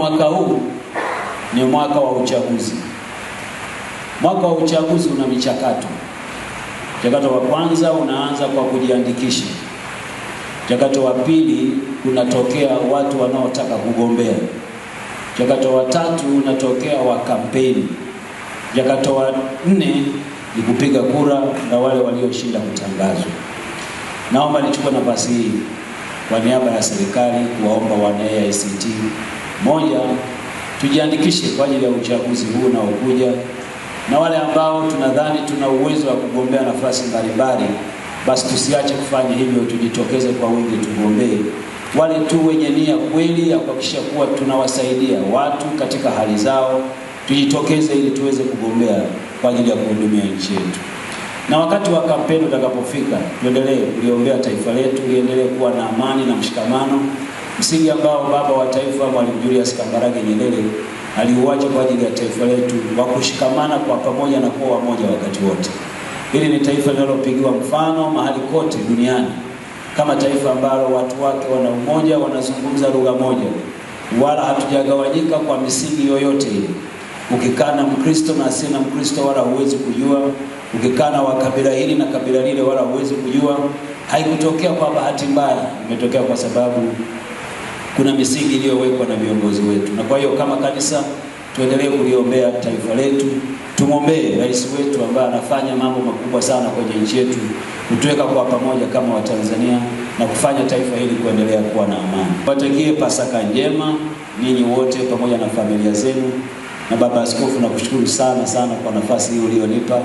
Mwaka huu ni mwaka wa uchaguzi. Mwaka wa uchaguzi una michakato. Mchakato wa kwanza unaanza kwa kujiandikisha. Mchakato wa pili unatokea watu wanaotaka kugombea. Mchakato wa tatu unatokea wa kampeni. Mchakato wa nne ni kupiga kura na wale walioshinda kutangazwa. Naomba nichukue nafasi hii kwa niaba ya serikali kuwaomba wana AICT moja, tujiandikishe kwa ajili ya uchaguzi huu unaokuja, na wale ambao tunadhani tuna uwezo wa kugombea nafasi mbalimbali, basi tusiache kufanya hivyo, tujitokeze kwa wingi, tugombee. Wale tu wenye nia kweli ya kuhakikisha kuwa tunawasaidia watu katika hali zao, tujitokeze ili tuweze kugombea kwa ajili ya kuhudumia nchi yetu na wakati wa kampeni utakapofika, tuendelee kuliombea taifa letu liendelee kuwa na amani na mshikamano msingi ambao baba wa taifa Mwalimu Julius Kambarage Nyerere aliuacha kwa ajili ya taifa letu wa kushikamana kwa pamoja na kuwa wamoja wakati wote. Hili ni taifa linalopigiwa mfano mahali kote duniani kama taifa ambalo watu wake wana umoja, wanazungumza lugha moja, wala hatujagawanyika kwa misingi yoyote ile. Ukikaa na Mkristo na asiye na Mkristo wala huwezi kujua, ukikaa na wa kabila hili na kabila lile wala huwezi kujua. Haikutokea kwa bahati mbaya, imetokea kwa sababu kuna misingi iliyowekwa na viongozi wetu, na kwa hiyo kama kanisa tuendelee kuliombea taifa letu, tumwombee rais wetu ambaye anafanya mambo makubwa sana kwenye nchi yetu, kutuweka kwa pamoja kama Watanzania na kufanya taifa hili kuendelea kuwa na amani. Watakie Pasaka njema ninyi wote pamoja na familia zenu. Na Baba Askofu, nakushukuru sana sana kwa nafasi hii ulionipa.